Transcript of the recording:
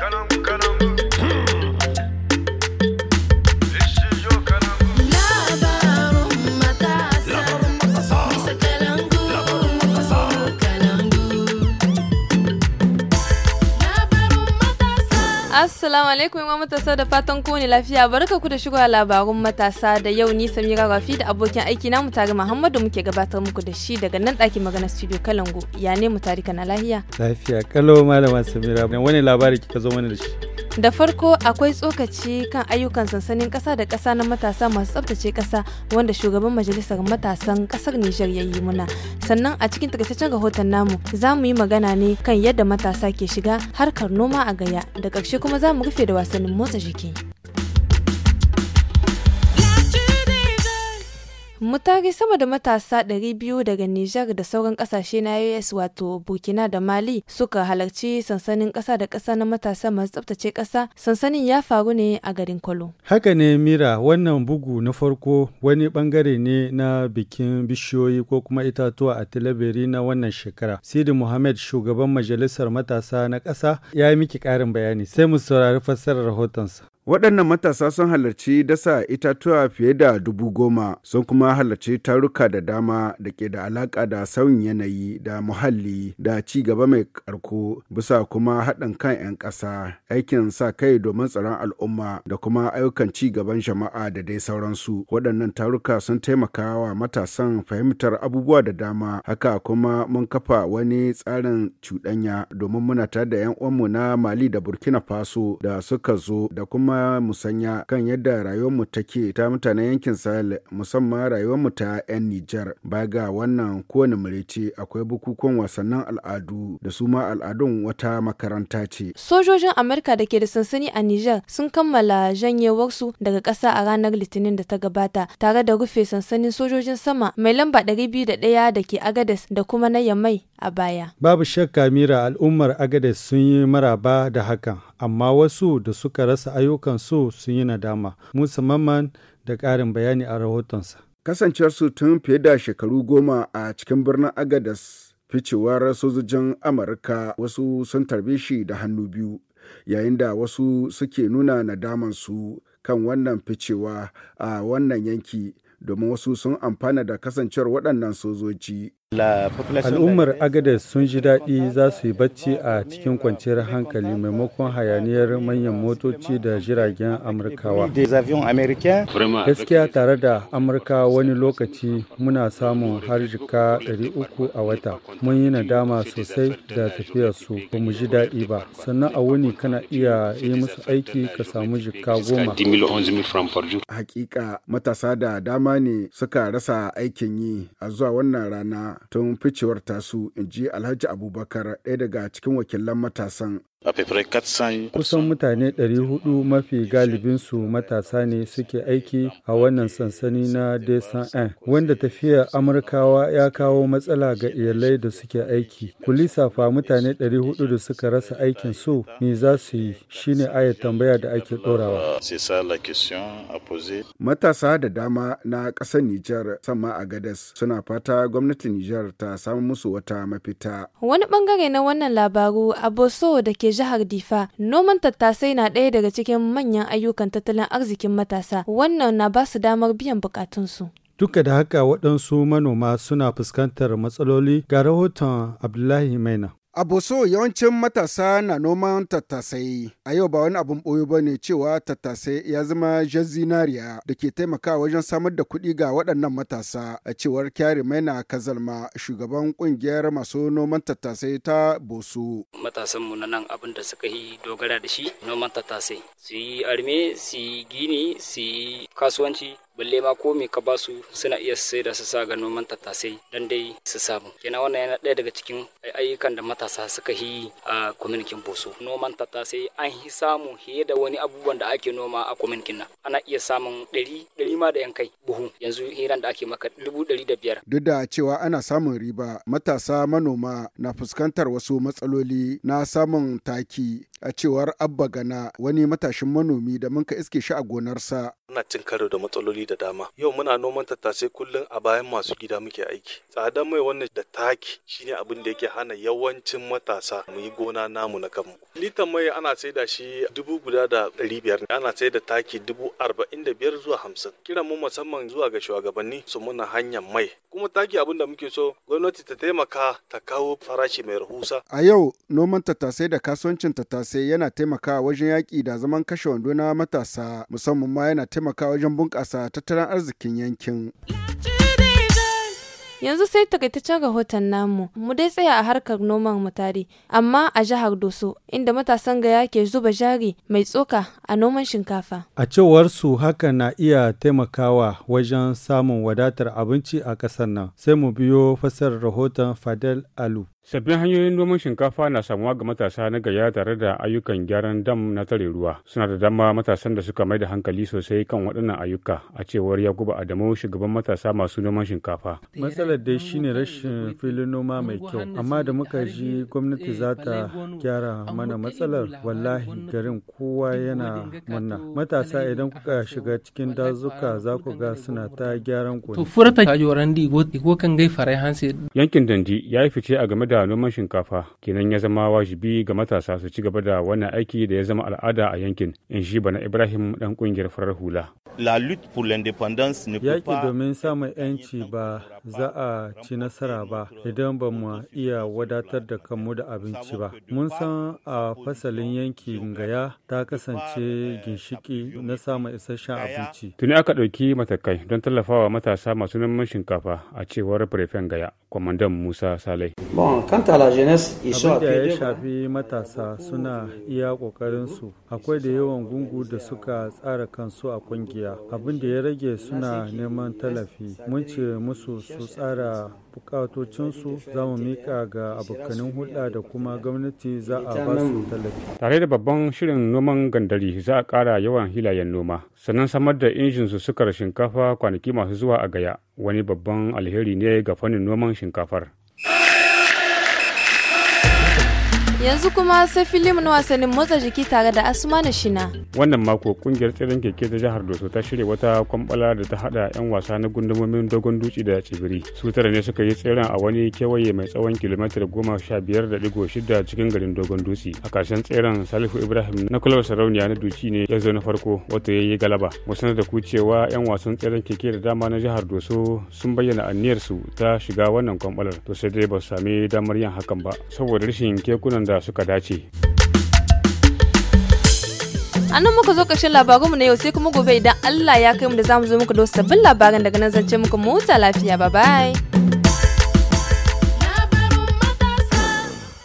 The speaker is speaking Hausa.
Canam, canam. Assalamu alaikum yan matasa da fatan kowane lafiya baraka ku da shigowa labarun matasa da yau ni Samira Rafi da abokin aiki na mu tare Muhammadu muke gabatar muku da shi daga nan ɗakin magana studio Kalango ya ne mu kana lafiya. Lafiya kalau malama Samira wani labari kika zo mana da shi. Da farko akwai tsokaci kan ayyukan sansanin kasa da kasa na matasa masu tsabtace kasa wanda shugaban majalisar matasan kasar Nijar ya yi muna. Sannan a cikin takaitaccen rahoton namu za mu yi magana ne kan yadda matasa ke shiga harkar noma a gaya da ƙarshe kuma za mu rufe da wasannin motsa jiki. Mutane sama da matasa 200 daga Nijar da sauran kasashe na US wato Burkina da Mali suka halarci sansanin kasa da kasa na matasa masu tsabtace kasa sansanin ya faru ne a garin Kwalo. Haka ne Mira wannan bugu na farko wani bangare ne na bikin bishiyoyi ko kuma itatuwa a Tilaberi na wannan shekara. Sidi Muhammad shugaban majalisar matasa na kasa ya yi miki karin bayani sai mu saurari fassarar rahotonsa. Waɗannan matasa sun halarci dasa itatuwa fiye da dubu goma sun kuma halarci taruka da dama da ke da alaƙa da sauyin yanayi da muhalli da ci gaba mai ƙarko bisa kuma haɗin kan 'yan ƙasa aikin sa kai domin tsaron al'umma da kuma ayyukan ci gaban jama'a da dai sauransu. Waɗannan taruka sun taimaka wa matasan fahimtar abubuwa da dama haka kuma mun kafa wani tsarin cuɗanya domin muna tare da 'yan uwanmu na Mali da Burkina Faso da suka zo da kuma kuma musanya kan yadda rayuwarmu take ta mutanen yankin Sahel musamman rayuwarmu ta 'yan Nijar. ba ga wannan kowane murece akwai bukukuwan wasannin al'adu da su ma al'adun wata makaranta ce. Sojojin Amurka da ke da sansani a Nijar sun kammala janyewarsu daga ƙasa a ranar Litinin da ta gabata tare da rufe sansanin sojojin sama mai lamba 201 da ke agadas da kuma na Yamai a baya. Babu shakka mira al'ummar Agades sun yi maraba da hakan, amma wasu da suka rasa ayyukansu sun yi nadama. Musa Mamman da ƙarin bayani a rahotonsa. Kasancewarsu tun fiye da shekaru goma a cikin birnin Agades ficewar sojojin Amurka wasu sun tarbe shi da hannu biyu, yayin da wasu suke nuna nadamansu kan wannan ficewa a wannan yanki. domin wasu sun amfana da kasancewar waɗannan sojoji Al'ummar Agadez sun ji daɗi za su yi bacci a cikin kwanciyar hankali maimakon hayaniyar manyan motoci da jiragen Amurkawa. Gaskiya tare da Amurka wani lokaci muna samun har jika 300 a wata. Mun yi nadama sosai da tafiyar su ba mu ji daɗi ba. Sannan a wuni kana iya yi musu aiki ka samu jika goma. Hakika matasa da dama ne suka rasa aikin yi a zuwa wannan rana tun ficewar tasu in ji alhaji abubakar ɗaya daga cikin wakilan matasan Kusan mutane 400 mafi galibinsu matasa ne suke aiki a wannan sansani na Desan wanda tafiya Amurkawa ya kawo matsala ga iyalai da suke aiki. Ku lissafa mutane 400 da suka rasa aikin su me za su yi shine ayar tambaya da ake ɗorawa. Matasa da dama na ƙasar Nijar sama a Gadas suna fata gwamnatin Nijar ta samu musu wata mafita. Wani bangare na wannan labaru a da ke ke jihar Difa. Noman tattasai na ɗaya daga cikin manyan ayyukan tattalin arzikin matasa. Wannan na ba su damar biyan bukatunsu. Duka da haka waɗansu manoma suna fuskantar matsaloli ga rahoton Abdullahi Maina. A Boso yawancin matasa na noman tattasai, a yau ba wani abin ɓoyo ba ne cewa tattasai ya zama jazinariya da ke taimakawa wajen samar da kuɗi ga waɗannan matasa a cewar kyari na kazalma shugaban ƙungiyar masu noman tattasai ta Boso. Matasanmu na nan abin da suka yi dogara da shi noman tattasai, su yi arme, su yi gini, su yi kasuwanci, balle ma ko me ka basu suna iya sai da su sa ga noman tattasai dan dai su samu kenan wannan yana ɗaya daga cikin ayyukan da matasa suka yi a kwaminikin boso noman tattasai an yi samu fiye da wani abubuwan da ake noma a kwaminikin nan ana iya samun ɗari ɗari ma da yan kai buhu yanzu hiran da ake maka dubu ɗari da biyar duk da cewa ana samun riba matasa manoma na fuskantar wasu matsaloli na samun taki a cewar abba gana wani matashin manomi da mun ka iske shi a gonarsa ana cin karo da matsaloli da dama yau muna noman tattasai kullum a bayan masu gida muke aiki tsadar mai wannan da taki shine abin da yake hana yawancin matasa mu yi gona namu na kanmu litan mai ana saida shi dubu guda da ɗari biyar ana saida taki dubu arba'in da biyar zuwa hamsin kiran mu musamman zuwa ga shugabanni su muna hanyar mai kuma taki abin da muke so gwamnati ta taimaka ta kawo farashi mai rahusa a yau noman tattasai da kasuwancin tattasai yana taimakawa wajen yaƙi da zaman kashe wando na matasa musamman ma yana taimakawa wajen bunƙasa tattalin arzikin yankin. yanzu sai takaitaccen rahoton namu mu dai tsaya a harkar noman mutari amma a jihar doso inda matasan gaya ke zuba jari mai tsoka a noman shinkafa a cewar su haka na iya taimakawa wajen samun wadatar abinci a ƙasar nan sai mu biyo fasar rahoton fadel alu sabbin hanyoyin noman shinkafa na samuwa ga matasa na gaya tare da ayyukan gyaran dam na tare ruwa suna da dama matasan da suka mai da hankali sosai kan waɗannan ayyuka a cewar yakubu adamu shugaban matasa masu noman shinkafa matsalar dai shine rashin filin noma mai kyau amma da muka ji gwamnati za ta gyara mana matsalar wallahi garin kowa yana murna matasa idan kuka shiga cikin dazuka za ku ga suna ta gyaran furta yankin dandi ya yi fice a game da da noman shinkafa kenan ya zama wajibi ga matasa su ci gaba da wannan aiki da ya zama al'ada a yankin in shi bana ibrahim dan kungiyar farar hula yaƙi domin samun yanci ba za a ci nasara ba idan ba mu iya wadatar da kanmu da abinci ba mun san a fasalin yankin gaya ta kasance ginshiki na samun isasshen abinci tuni aka ɗauki matakai don tallafawa matasa masu noman shinkafa a cewar prefen gaya kwamandan musa salai abin da ya shafi matasa suna iya su akwai da yawan gungu da suka tsara kansu a kungiya abin da ya rage suna neman tallafi mun ce musu su tsara bukatocinsu za mu mika ga abokanin hulɗa da kuma gwamnati za a ba su tallafi. Tare da babban shirin noman gandari za a ƙara yawan hilayen noma, sannan samar da injin su sukar shinkafa kwanaki masu zuwa a gaya wani babban alheri ne ga fannin noman shinkafar. Yanzu kuma sai filim na wasannin motsa jiki tare da Asmanu Shina. Wannan mako kungiyar tseren keke ta jihar Doso ta shirya wata kwambala da ta hada 'yan wasa na gundumomin dogon dutse da tsibiri. Su tara ne suka yi tseren a wani kewaye mai tsawon kilomita goma sha biyar da digo shida cikin garin dogon dutse. A karshen tseren Salihu Ibrahim na kulawar sarauniya na duci ne ya zo na farko wato ya yi galaba. Musanar da ku cewa 'yan wasan tseren keke da dama na jihar Doso sun bayyana aniyarsu ta shiga wannan kwambalar. To sai dai ba su sami damar yin hakan ba saboda rashin kekunan da suka dace. an nan muka zo ƙarshen labarinmu na yau sai kuma gobe idan Allah ya kai mu da zamu zo muku da wasu sabbin labaran daga nan zance muku mota lafiya bye bye